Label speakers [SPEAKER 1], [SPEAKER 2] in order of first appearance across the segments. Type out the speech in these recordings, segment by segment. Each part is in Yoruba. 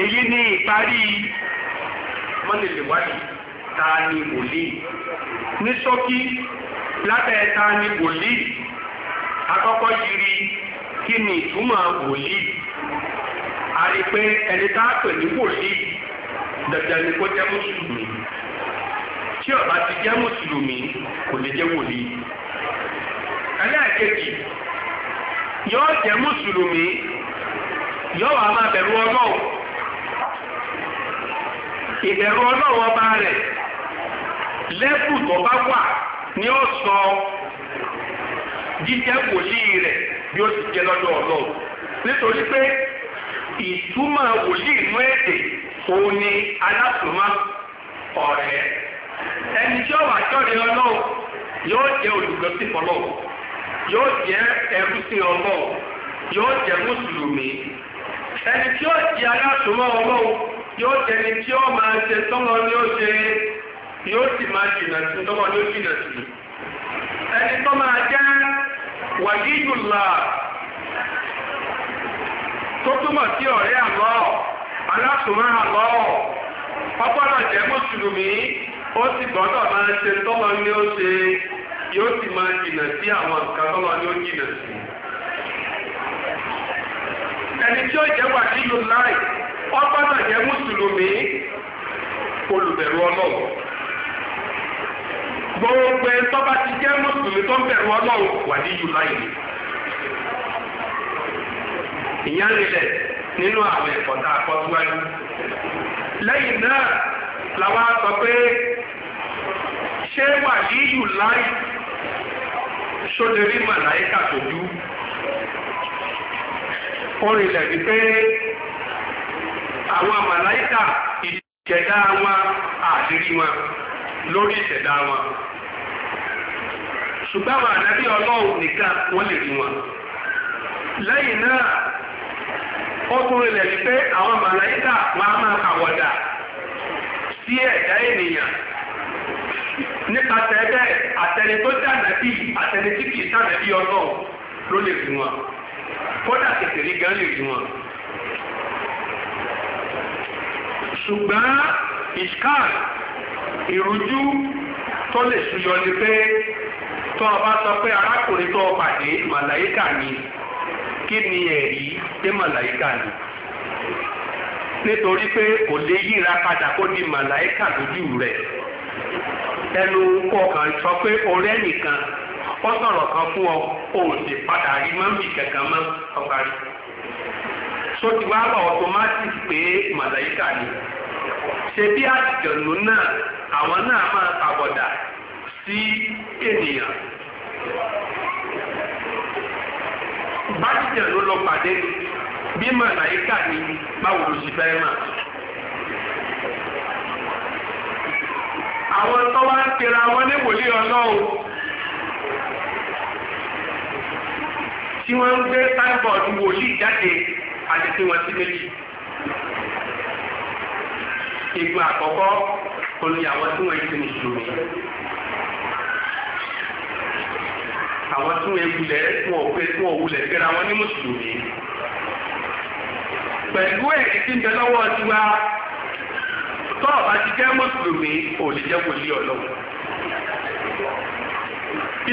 [SPEAKER 1] èyí ni ìparí mọ́lẹ̀lẹ̀wádìí ta ni wòlíì ní ṣókí lábẹ́ ta ni wòlíì akọ́kọ́ yiri kí ni ìtumọ̀ wòlíì a ẹni tá a ní wòlíì dandan ni kó jẹ́ mùsùlùmí tí ó bá ti jẹ́ mùsùlùmí kò lè jẹ́ wòlíì ẹlẹ́ẹ̀kejì yóò jẹ́ mùsùlùmí
[SPEAKER 2] yóò wá máa bẹ̀rù ọlọ́run ìbẹ̀rù ọlọ́run ọba rẹ̀
[SPEAKER 1] lẹ́kù tó bá wà ni ó sọ jíjẹ́ wòlíì rẹ̀ bí ó ti jẹ́ lọ́dọ̀ ọlọ́run nítorí pé ìtumọ̀ wòlíì inú èdè òun ni alásùnmọ́ ọ̀rẹ́ ẹni tí ó wà jọ́rẹ̀ ọlọ́run yóò jẹ́ olùgbọ́sí ọlọ́run yóò jẹ́ ẹrú sí ọlọ́run yóò jẹ́ mùsùlùmí ẹni tí ó jẹ́ alásùnmọ́ ọlọ́run. yóò jẹni tí ó máa ṣe tọ́lọ ní ó ṣe yóò sì máa jìnà sí tọ́lọ ní ó jìnà sí ẹni tó máa jẹ́ wàlíyùlá tó túmọ̀ sí ọ̀rẹ́ àlọ́ alásùnmọ́ àlọ́ ọgbọ́dọ̀ jẹ́ mùsùlùmí ó sì gbọ́dọ̀ máa ṣe tọ́lọ ní ó ṣe yóò sì máa jìnà sí àwọn nǹkan tọ́lọ ní ó jìnà sí ẹni tí ó jẹ́ wàlíyùlá yìí ọba náà jẹ́ mùsùlùmí olùbẹ̀rù ọlọ́run gbogbo ẹ̀ tọ́ba ti jẹ́ mùsùlùmí tó ń bẹ̀rù ọlọ́run wà ní yù láì ní. ìyá nílẹ̀ nínú àwọn ẹ̀kọ́ tá a kọ́ síwájú lẹ́yìn náà làwọn sọ pé ṣé wà ní yù láì sóde rí màláìkà tó dú. orin lẹ̀ ni pé àwọn màláìkà ìṣẹ̀dá wọn àdírí wọn lórí ìṣẹ̀dá wọn ṣùgbọ́n àwọn ànábì ọlọ́run nìkan wọ́n lè rí wọn lẹ́yìn náà ó tún rinlẹ̀ ní pé àwọn màláìkà wọn á máa àwọ̀dà sí ẹ̀dá ènìyàn nípasẹ̀ bẹ́ẹ̀ àtẹni tó dànàbí àtẹni tí kìí sànàbí ọlọ́run ló lè rí wọn kódà kètè rí gan lè rí wọn. ṣùgbọ́n ìṣkáà ìrújú tó lè ṣúyọ ni pé tó o bá sọ pé arákùnrin tó o pàdé màláyíkà ni kí ni ẹ̀rí pé màláyíkà ni nítorí pé kò lè yíra padà kó di màláyíkà lójú rẹ̀ ẹnu kọ̀ọ̀kan sọ pé ọ̀rẹ́ nìkan ó sọ̀rọ̀ kan fún ọ ò sì padà rí mọ́mí kankan mọ́ ọ̀parí. só ti wá pé màláyíkà ni ṣe bí àjọ̀nù náà àwọn náà máa pàwọ̀dà sí ènìyàn bájíjẹ̀ ló lọ pàdé bí màláyíkà ni báwo ló sì fẹ́ mà. àwọn tó wá ń tẹ̀ra wọn ní wòlíì ọlọ́run tí wọ́n ń gbé táìbọ̀dù wòlíì jáde àti tí wọ́n ti méjì igun àkọ́kọ́ olùyẹ àwọn tí wọ́n ti mùsùlùmí àwọn tí wọ́n wulẹ̀ wọ́n òkè tí wọ́n wulẹ̀ kẹ́ra wọn ní mùsùlùmí pẹ̀lú ẹ̀rí tí ń bẹ lọ́wọ́ tiwa tọ́ọ̀ bá ti jẹ́ mùsùlùmí ò lè jẹ́ wòlíì ọlọ́run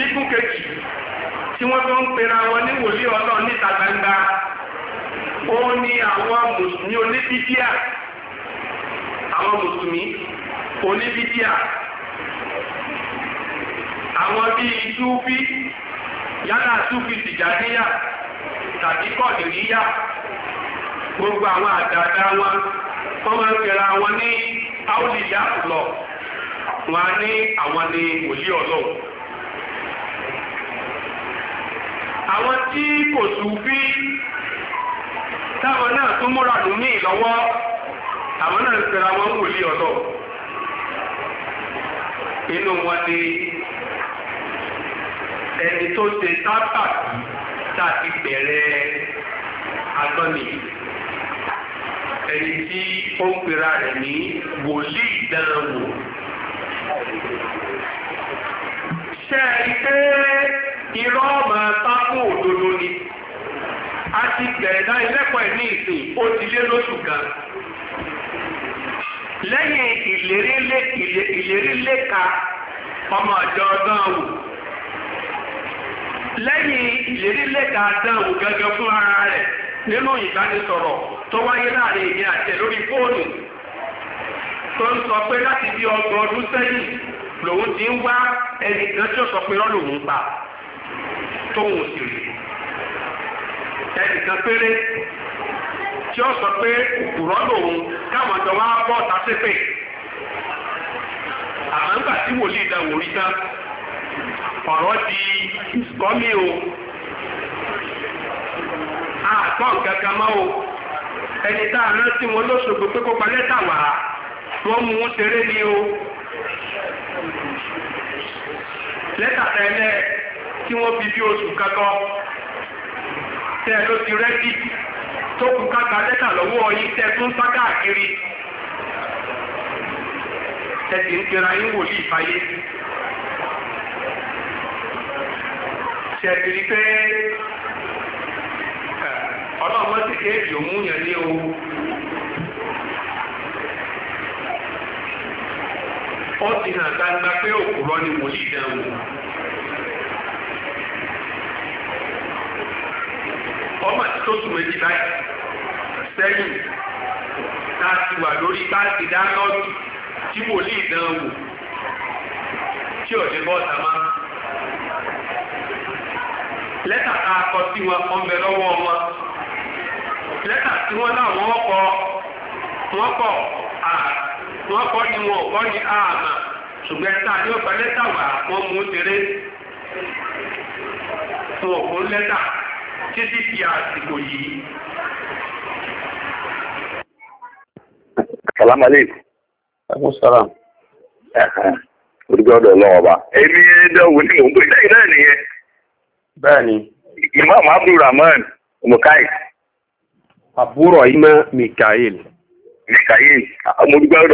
[SPEAKER 1] igun kejì tí wọ́n tó ń pera wọn ní wòlíì ọlọ́run níta gbangba ó ní àwọn mùsùlùmí oníbíbíà àwọn mùsùlùmí oníbídíà àwọn bíi túfí yálà túfí tìjàníyà tàbí kọ̀dìríyà gbogbo àwọn àdàdà wọn wọ́n máa ń pera wọn ní áùlìyà lọ wọn á ní àwọn ní wòlíì ọlọ́run. àwọn tí kò túfí táwọn náà tún múra lù ní àwọn náà ń pera wọn wòlíì ọ̀dọ́ inú wọn ni ẹni tó ṣe tábàkì tá a ti bẹ̀rẹ̀ agbọ́nì ẹni tí ó ń pera rẹ̀ ní wòlíì ìdánwò ṣe rí pé irọ́ ọ̀mà sáfù òdodo ni a ti bẹ̀rẹ̀ dá ilẹ́kọ̀ọ́ ẹ̀ ní ìsìn ó ti lé lóṣù kan. lẹ́yìn ìlérí léka ọmọ ọjọ́ ọdún lẹ́yìn ìlérí léka dánwò gẹ́gẹ́ fún ara rẹ̀ nínú ìbánisọ̀rọ̀ tó wáyé láàrin èmi àtẹ lórí fóònù tó ń sọ pé láti bí ọgbọ̀n ọdún sẹ́yìn lòun ti tí ó sọ pé òkùrọ́ lòun káwọn jọ wá bọ́ sásépè àmọ́ nígbà tí wòlíì dá wòrí tán ọ̀rọ̀ di ìsọ́mí o àtọ́ gàgà máa o ẹni tá a rántí wọn lóṣogbo pé kó pa lẹ́tà wá wọ́n mú un ṣeré ni o lẹ́tà tẹ́lẹ̀ tí wọ́n fi bí oṣù kankan tẹ́ ló ti rẹ́díìtì tó kù káka lẹ́tà lọ́wọ́ yín tẹ́ tó ń sá káàkiri tẹ́tì ń pera yín wòlíì ìfàyè. ṣẹ̀bìrì pé ọlọ́run ti ké èdè òmú yẹn ní o. ó ti hàn gbangba pé òkúrọ́ ni wòlíì dánwò. ọmọ ti tó sùn méjì báyìí sẹ́yìn tá a ti wà lórí báàsì dánọ́ọ̀tù tí wòlíì dán wò tí ọ̀dẹ́ bọ́ọ̀tà máa lẹ́tà tá a kọ sí wọn ọmọ lọ́wọ́ wọn lẹ́tà tí wọ́n láwọn ọkọ wọ́n kọ à wọ́n kọ́ ni wọn kọ́ ni àmà ṣùgbọ́n ẹ̀ta ní ọgbà lẹ́tà wà wọ́n mú tèrè wọn kò lẹ́tà títí di àsìkò yìí
[SPEAKER 3] Salamu aleikum. ẹkún salam. orúkọ ọ̀dọ̀ Ọlọ́run ọba. èmi ẹjọ ni mò ń náà nìyẹn. bẹ́ẹ̀ni. imam abdulrahman mukai. àbúrò mikael. mikael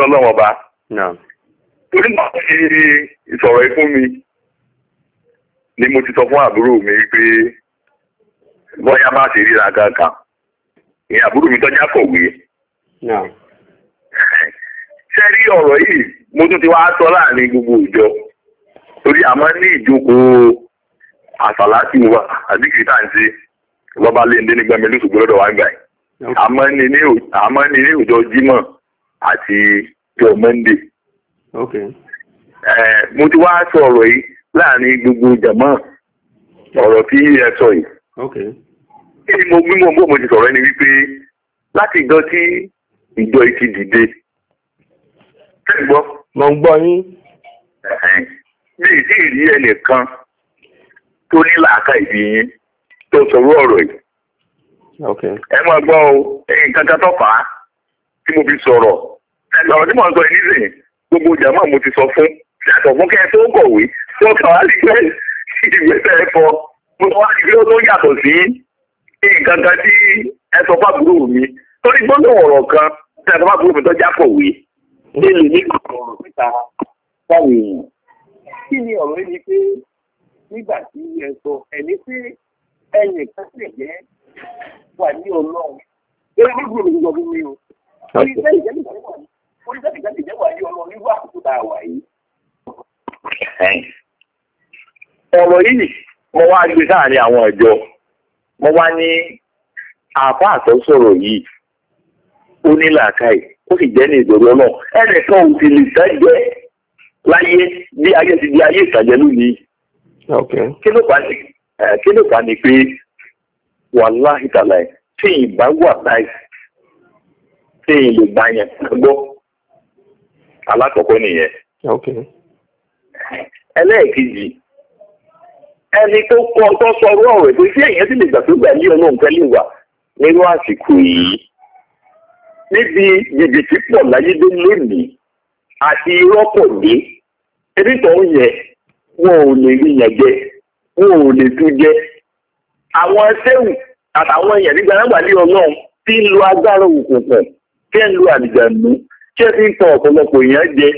[SPEAKER 3] ọ̀dọ̀ ọba. torí màá ṣe ìsọ̀rọ̀ ẹ mi ni mo ti sọ fún àbúrò mi pé bóyá má ṣe ríra kankan ìyàbúrò mi tọ́jà kọ̀wé. sẹ́rí ọ̀rọ̀ yìí mo tún ti wá sọ láàrin gbogbo ìjọ torí àmọ́ ní ìjókòó àsàlátì wa àdìkì tá à ṣe lọ́ba léńdé nígbà mi wá gbà àmọ́ ní ní òjò àti jọ mọ́ndé. mo ti wá sọ ọ̀rọ̀ yìí láàrin gbogbo ọ̀rọ̀ tí ẹ sọ yìí. mo ẹni wípé láti tí ìjọ ìtì dìde. Ṣẹ́gbọ́. Mo ń gbọ́ yín. Mi ì sí ìrí ẹnìkan tó ní làákà ìdí yín tó sọ̀rọ̀ ọ̀rọ̀ yìí. Ẹ máa gbọ́ o, ẹ̀yin kankan tó fà á tí mo fi sọ̀rọ̀. Ọ̀rọ̀ tí mo ń sọ yìí nísìnyí, gbogbo jàmá mo ti sọ fún. Yàtọ̀ fún kẹ́ ẹ tó kọ̀wé, wọ́n kàn á lè gbé ìgbésẹ̀ ẹ̀fọ́. Mo wá ìgbé tó yàtọ̀ sí nǹkan kan tí ẹ sọ fábùrù mi. Torí gbọ́dọ̀ ọ̀rọ̀ kan tí a tó bá fún mi tó já kọ̀wé ṣé lè ní ọ̀rọ̀ síta sáwọn èèyàn. kí ni ọ̀rọ̀ yìí pé nígbà tí ẹ sọ ẹni pé ẹnì kan lè jẹ́ wà ní ọlọ́run eré gbogbo mi gbọ́ fún mi o oníṣẹ́ ìjẹ́lẹ̀ jẹ́ wà ní ọlọ́run nígbà tó dáa wà yìí. ọ̀rọ̀ yìí mo wá gbé sáàárín àwọn ọjọ́ mo wá ní àáfàá tó sọ̀rọ̀ yìí ó ní ó sì jẹ́ ní ìdòrò náà ẹnìkan ò sì lè sẹ́jẹ́ láyé bí ayé ti di ayé ìtàjẹ́ lónìí. kí ló fà ní pé wàláhì tàlà tí ìbá wà láì tí ìlú bá yẹn gbọ́ alákọ̀ọ́kọ́ nìyẹn. ẹlẹ́ẹ̀kejì ẹni tó kọ́ tó sọ ọ̀rọ̀ rẹ̀ pé sí èèyàn sì lè gbà tó gbà yí ọlọ́run fẹ́ lè níbi jìbìtì pọ̀ láyédé lónìí àti irọ́ pọ̀ dé onítọ̀ọ́ yẹn wọn ò lè rí yẹn jẹ wọn ò lè tún jẹ àwọn sẹ́wù àtàwọn èèyàn nígbà náà gbàlẹ́ ọlọ́run tí ń lo agbára òkùnkùn tí ń lo àdìgbàmú tí ń fi ń tọ ọ̀pọ̀lọpọ̀ èèyàn jẹ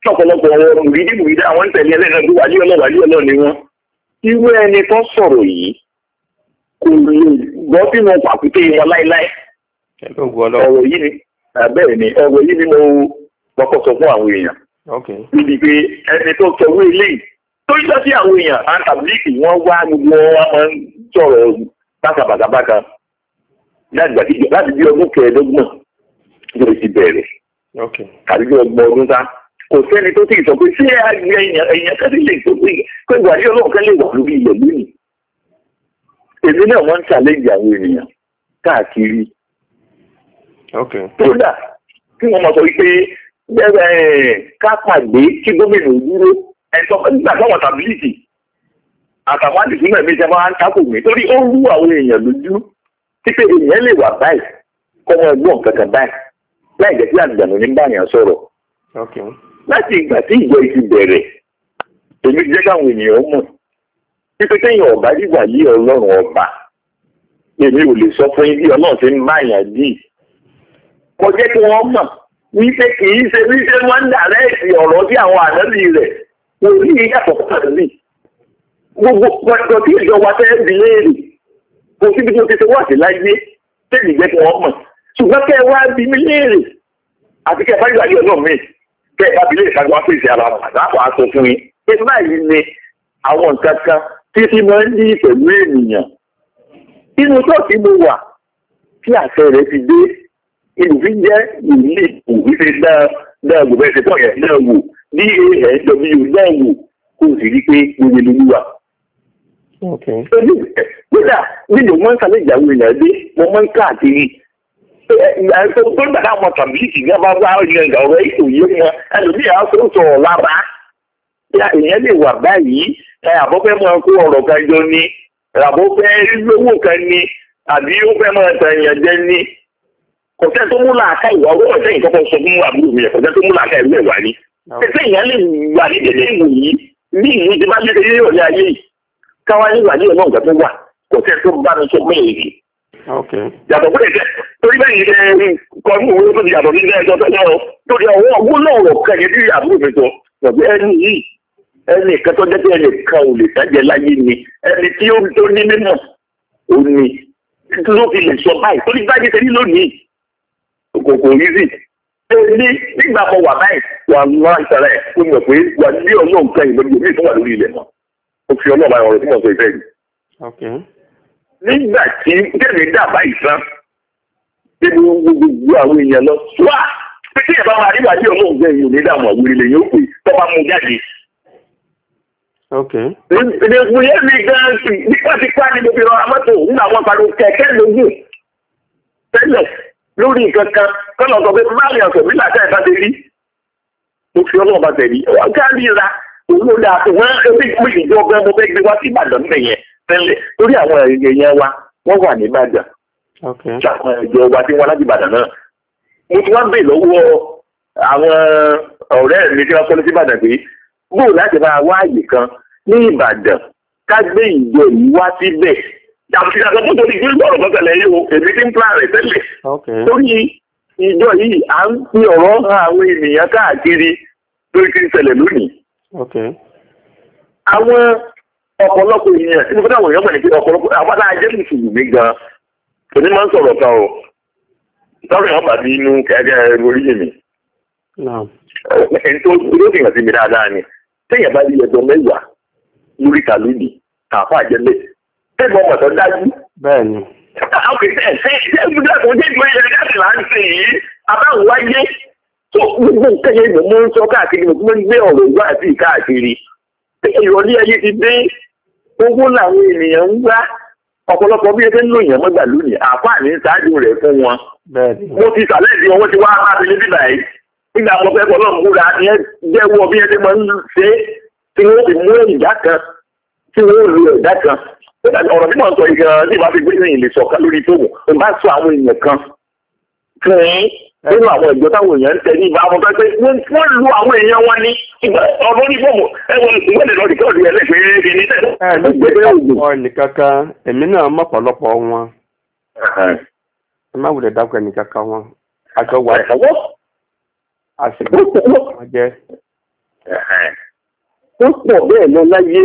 [SPEAKER 3] tí ọ̀pọ̀lọpọ̀ ọ̀rọ̀ mùrídì mùrídì àwọn ń tẹ̀lé ẹlẹ́dàá tó wàlẹ́ ọlọ́run wàlẹ́ ọlọ́run ni wọ́n irú ẹni tó sọ̀rọ̀ yìí kò lè gbọ́ sínú pàkúté wọn láéláé ọ̀rọ̀ yìí ni bẹ́ẹ̀ ni ọ̀rọ̀ yìí ni mo kọ́kọ́ sọ fún àwọn èèyàn níbi pé ẹni tó sọwọ́ eléyìí tó yíṣọ́ sí àwọn èèyàn antabliki wọ́n wá gbogbo wọn máa ń sọ̀rọ̀ bákàbàkàbákà láti bí ọdún kẹẹ̀ẹ́dọ́gbọ̀n ló ti bẹ̀rẹ̀ tàbí bí ọgbọ̀n ọdún ta kò sẹ́ni tó sì sọ pé ṣé àgbẹ̀ èèyàn kẹ́sì lè sọ pé pé Buhari ọlọ́run kan lè wà lórí ilẹ̀ lónìí èmi náà wọ́n ń ṣàlẹ́jì àwọn ènìyàn káàkiri kódà kí wọ́n mọ̀ sọ wípé ká pàdé kí gómìnà dúró ẹ̀sọ́ nígbà táwọn tàbílìtì àtàwọn àdìsí náà méjì máa ń tako mi torí ó rú àwọn èèyàn lójú pípé èèyàn lè wà báyìí kọ́mọ ẹgbọ́n kankan báyìí láì jẹ́ sí àgbàdo ní báyìí sọ̀rọ̀ láti ìgbà tí ìjọ ti bẹ̀rẹ̀ èmi jẹ́ káwọn ènìyàn mọ̀ pípé téèyàn yí ọlọ́run ọba èmi ò lè sọ fún yín bí ọlọ́run ti ń kò jẹ́ kí wọ́n mọ̀ wípé kì í ṣe wípé wọ́n ń dàrẹ́ẹ̀tì ọ̀rọ̀ bí àwọn ànábì rẹ̀ kò ní ìyàtọ̀ pàtàkì gbogbo pẹ̀tọ̀ tí ìjọba fẹ́ di léèrè kò síbi tí mo ti ṣe wà sí láyé tẹ́lẹ̀ jẹ́ kí wọ́n mọ̀ ṣùgbọ́n kẹ́ ẹ wá bí mi léèrè àti kẹ́ ẹ bá yọ náà mi kẹ́ ẹ bá bilé ìṣàgbọ́n fún ìṣe ara àdáàbò aṣọ fún yín pé báyìí ni àwọn nǹkan kan tí tí máa ń ní pẹ̀lú ènìyàn inú ṣọ́ọ̀ṣì mo wà tí àṣẹ rẹ̀ ti dé ìlúfin jẹ́ ìlú ìfẹ́ dáàbò bẹ́ẹ̀ ṣetán yẹn dáàbò DASW dáàbò kò sì rí pé gbogbo ìlú wà. Kódà nínú mọ́ ń sàlẹ̀ ìyàwó ìyà dé, mo mọ́ ń káàkiri. Ìyàwó tó ń gbàdá àwọn tàbílìkì ní abá bá ìgbà ọ̀rọ̀ ètò yé wọn, ẹlòmíì á tó sọ̀rọ̀ lára. Ìyẹn lè wà báyìí, àbọ̀fẹ́ máa kó ọ̀rọ̀ kan jọ ni, àbọ̀fẹ́ lówó kan ni, àbí ó fẹ́ máa tàn kò sẹ́ni tó mú làákà ìwà owó ọ̀sẹ̀ yìí kọ́kọ́ sọ fún àbúrò mi kò tó mú làákà ìwà ni. ẹsẹ̀ ìyá lè wà ní dédé ìwò yìí ní ìlú ti bá dédé yóò ní ayé yìí káwá ní ìwà ní ọ̀nà tó wà kò tó bá mi sọ pé èyí. yàtọ̀ fún ẹ̀jẹ̀ torí bẹ́ẹ̀ yìí kọ́ ní òwe tó ti yàtọ̀ sí ẹjọ́ tó yàtọ̀ tó di ọwọ́ owó náà rọ̀ kẹ́yẹ bí àbúrò mi sọ ẹni yìí ẹni kòkò rízì ní nígbà mo wà báyìí wà lọ ìtàlẹ̀ tó mọ̀ pé wà ní ọlọ́run nǹkan ìlú ìlú tó wà lórí ilẹ̀ mọ́ ó fi ọlọ́run ayọ̀rọ̀ tí mo sọ ìfẹ́
[SPEAKER 1] yìí.
[SPEAKER 3] nígbà tí kẹ́mi dàbá ìsan débi gbogbo àwọn èèyàn lọ wá pété ìyàbá wa nígbà tí ọlọ́run nǹkan ìlú ní dààmú àwọn ilé yóò pè tó bá mú jáde. ìdèkùn yẹn mi gan nípa ti pa lórí nǹkan kan kọ́nà sọ pé báyìí ọ̀sẹ̀ bí làtà ẹ̀ta ti rí mo fi ọlọ́run bá tẹ̀lé wọ́n ká ríra owó dáa tó wọ́n ẹbí pé ìjọba ọmọ fẹ́ gbé wá sí ìbàdàn níbẹ̀ yẹn tẹ́lẹ̀ lórí àwọn èèyàn wa wọ́n wà ní ìbàdàn ṣàkóso ìjọba tí wọ́n láti ìbàdàn náà mo ti wá bè lọ́wọ́ àwọn ọ̀rẹ́ mi tí wọ́n kọ́ lọ sí ìbàdàn pé bóò láti máa wá àyè kan ní ìbàdàn ká gbé ìjọ yìí wá síbẹ̀ yàtọ̀ tó torí ìgbésí ọ̀rọ̀ kan tẹ̀lé èmi ti ń plan rẹ̀ tẹ́lẹ̀ torí ìjọ yìí à ń fi ọ̀rọ̀ àwọn ènìyàn káàkiri lórí kí n ṣẹlẹ̀ lónìí. àwọn ọ̀pọ̀lọpọ̀ ènìyàn tí mo fẹ́ dáwọn èèyàn mọ̀ ní pé ọ̀pọ̀lọpọ̀ àwọn ajẹ́ mùsùlùmí gan òní máa ń sọ̀rọ̀ kan o sọ̀rọ̀ yẹn pàdé inú kẹ́kẹ́ orí bẹ́ẹ̀ ọmọ tó dájú. bẹ́ẹ̀ ni. ok ṣe ṣe ṣe ṣe kò jẹ́ ìgbà ìṣẹ̀lẹ̀ káàkiri là ń ṣe yìí abáwo wáyé tó gbogbo nǹkan yẹn ni mo ń sọ káàkiri mo tún gbé ọ̀rọ̀ ìgbà àti káàkiri ìrọ̀lẹ́ ayé ti dé owó làwọn ènìyàn ń gbá ọ̀pọ̀lọpọ̀ bí ẹgbẹ́ ń lò yàn mọ́gbà lónìí àfáàní ṣáájú rẹ̀ fún wọn. mo ti sàlẹ̀ ìdí owó ti wá bá mi níbí báyìí nígbà mo fẹ́ kọ́ lọ́mú ra ẹ jẹ́wọ́ bí ẹgbẹ́ máa ń ṣe tí wọ́n fi mú ìjà kan tí wọ́n lu ẹ̀dá kan ọ̀rọ̀ tí mo sọ yìí gan-an tí ìbá fi gbé ẹ̀yìn lè sọ̀kan lórí tóògùn mo bá sọ àwọn èèyàn kan fún nínú àwọn ìjọ táwọn èèyàn ń tẹ̀lé ìbámu tó pé wọ́n lu àwọn èèyàn wọn ní ọdún ní fọ́ọ̀mù ẹ̀wọ̀n ìgbẹ́lẹ̀ lọ́ọ̀dì kọ́ọ̀dù ẹ̀ lẹ́gbẹ̀ẹ́ ẹ̀ẹ́dì ní tẹ̀lé.
[SPEAKER 1] ẹ ní gbẹgbẹ ọ̀gbìn nìkankan èmi náà mọ̀ pọ̀lọpọ̀ wọn ẹ má wulẹ̀ dákọ̀ nìkankan wọn aṣọ wà àṣìkò wọn jẹ. ó pọ̀ bẹ́ẹ̀ lọ láyé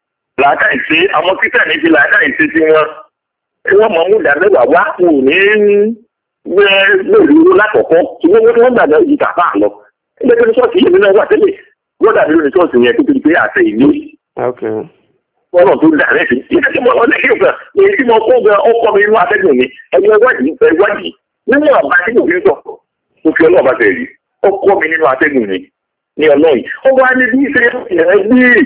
[SPEAKER 3] làákàyè ṣe àwọn títà níbi làákàyè ṣe ti wọn tí wọ́n mọ̀ ń wùdà mẹ́wàá wá kù ní gbé lóòrùn lákọ̀ọ́kọ́ ṣùgbọ́n wọ́n tí wọ́n gbàgbọ́ ìjì tàfà lọ ẹgbẹ́ tó ní ṣọ́ọ̀ṣì yìí nínú wà tẹ́lẹ̀ wọ́n dàbí lórí ṣọ́ọ̀ṣì yẹn tó ti pé àṣẹ ìlú ọ̀nà tó dà rẹ̀ tí mo ọdẹ kéwòn kan èyí tí mo kó gan ọkọ mi inú atẹ́gùn mi ẹgbẹ́ wádìí ẹgbẹ́wádìí nínú ọba tí mo fi ń sọ mo fi ọlọ́ọ̀bá tẹ̀ ọkọ mi nínú atẹ́gùn mi ní ọlọ́yìn ó wá bí ṣe ẹgbẹ́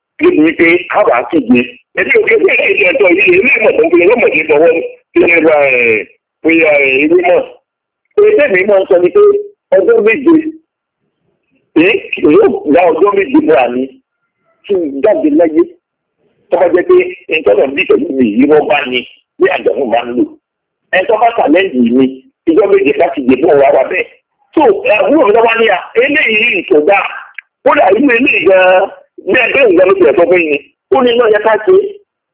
[SPEAKER 3] níbi wípé kábà kéde ẹbí òkè bí ẹ̀ka ìjọ ẹ̀tọ́ yìí ilé ìmọ̀tò ìpínlẹ̀ lọ́mọdé tọwọ́ nínú ìwà ìwé ìwé mọ̀. èdè mi máa ń sọ ni pé ọjọ́ méje yóò gba ọjọ́ méje bọ́ra mi kí jáde láyé tọ́ka jẹ́ pé ìtọ́nà bí ìtọ́jú mi yìí wọ́n bá ní bí àjọ̀fún bá ń lò. ẹ̀tọ́ bá tàlẹ́ǹtì mi ìjọ méje láti dè fún wa wa bẹ́ẹ̀. tó àbúrò mi lọ́wọ́ ní à bẹ́ẹ̀ bẹ́ẹ̀ ìgbà ló tilẹ̀ sọ fún yín ó ní náà yẹ ká ṣe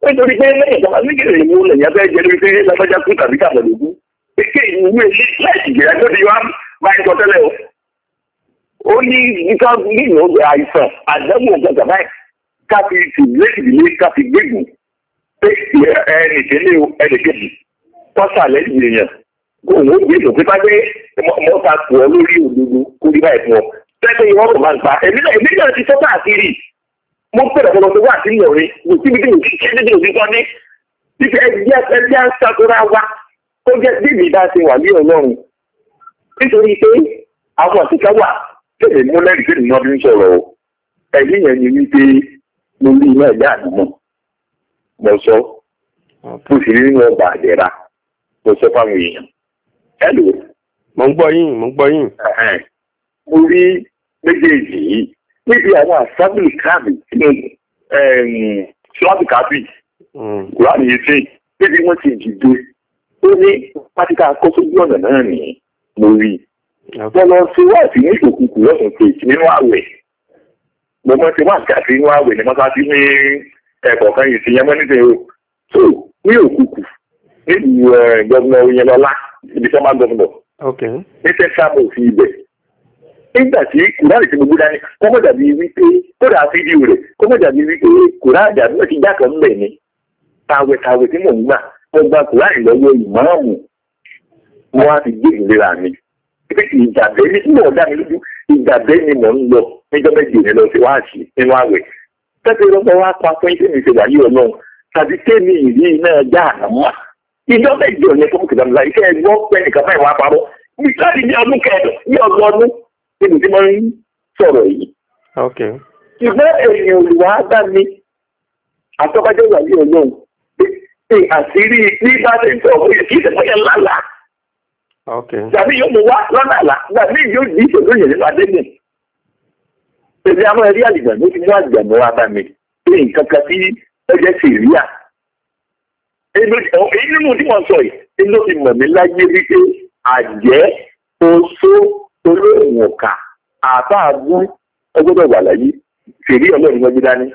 [SPEAKER 3] nítorí pé lẹ́yìn ìjọba méjèèrè mú lẹ́yìn abẹ́ jẹ́ lórí pé lábájá kú tàbí tàbí lógún pé ìwé ilé láìsí ìgbéra tó di wá máa ń sọ tẹ́lẹ̀ o. ó ní nípa nínú àìsàn àdánwò gbàgbà báyìí ká fi tìlé ìdílé ká fi gbégun pé ẹnì kejì ẹnì kejì tọ́sà lẹ́yìn èèyàn òun ó gbé ìdòkú pàdé mọ́ta pọ̀ lórí òdodo kó rí mo bẹ̀rẹ̀ ọ̀rọ̀ tó wà nínú rẹ̀ kò síbi tí mo ti ṣe dídì òbí kan ní. Ibi ẹgbẹ́ ẹgbẹ́ ń wa tó jẹ́ bíbí bá ti wà ní ọlọ́run. Nítorí pé àwọn àtìká wà tẹ̀lé mú lẹ́rìí pé nìyàn ń sọ̀rọ̀ o. Ẹ̀rí yẹn ni wípé mo rí iná ẹ̀dá àdúgbò. Mo sọ mo sì rí nínú ọgbà àdẹ́ra. Mo sọ fáwọn èèyàn. Hello. Mo ń gbọ́ yín, mo ń gbọ́ yín. Mo rí méjèèjì yìí níbi àwọn assembly káàbì ṣọ́ọ̀bì káàbì kùránì yìí sí níbi wọ́n ti dìde ó ní pátíkà kó sójú ọ̀nà náà ní mo rí wọ́n lọ sí wáàtí ní òkùnkùn lọ́sùn kejì nínú àwẹ̀ mo mọ̀ sí wáàtí àti nínú àwẹ̀ ni wọ́n sá sí ní ẹ̀kọ́ kan yìí sí yẹn mọ́ nídìí o tó ní òkùnkùn nílùú eh, gọ́vùnà oyinlọ́lá ibi sọ́mà gọ́vùnà ní sẹ́ńtà mo fi ibẹ̀ nígbà tí kùránì tí mo gbé dání kó mọ̀ dàbí wípé kó dà fídíò rẹ̀ kó mọ̀ dàbí wípé kùránì dàbí wọ́n ti já kan mbẹ̀ ni tàwẹ̀tàwẹ̀ tí mò ń gbà mo gba kùránì lọ́wọ́ ìmáàmù wọ́n á ti gbé ìlera mi ìjàbẹ́ ní tí mò ń dá mi lójú ìjàbẹ́ ni mò ń lọ níjọ́ méje ní lọ sí wáàsí nínú àwẹ̀ tẹ́tẹ́ lọ́pọ̀ wá pa fún iṣẹ́ mi ṣe wà yí ọlọ́run tàbí kéèmì ìrí náà já àmọ́ ìjọ méje ọ̀nà ìfọwọ́kìtàmìlà iṣẹ́ ẹgbọ́ pẹ́ nìkan báyìí wá parọ́ mi káàdì ní ọdún kẹẹ̀dọ̀ tí mo ti máa ń sọ̀rọ̀ yìí. ṣùgbọ́n èèyàn olùwà bá mi àtọ́kájọ́ ìwàlẹ́ ọlọ́run ṣe àṣírí ní bá ti ń sọ̀rọ̀ yìí kí ìṣẹ̀fọ́ yẹn lálà. tàbí yóò mú wá lọ́nà àlà tàbí yóò di ìṣòro yẹn nínú adébẹ̀. èmi a máa àlìgbà ló ti mú àlìgbà wa bá mi pé nǹkan kan tí ó jẹ́ sèríà. èyí nínú tí wọ́n sọ yìí ló fi mọ̀ mí láyé wípé àjẹ́ oṣó torí òun ọ̀kà àtàgún ọgbọ́dọ̀ wà láyé fèrè ọlọ́run mọ́jú dání.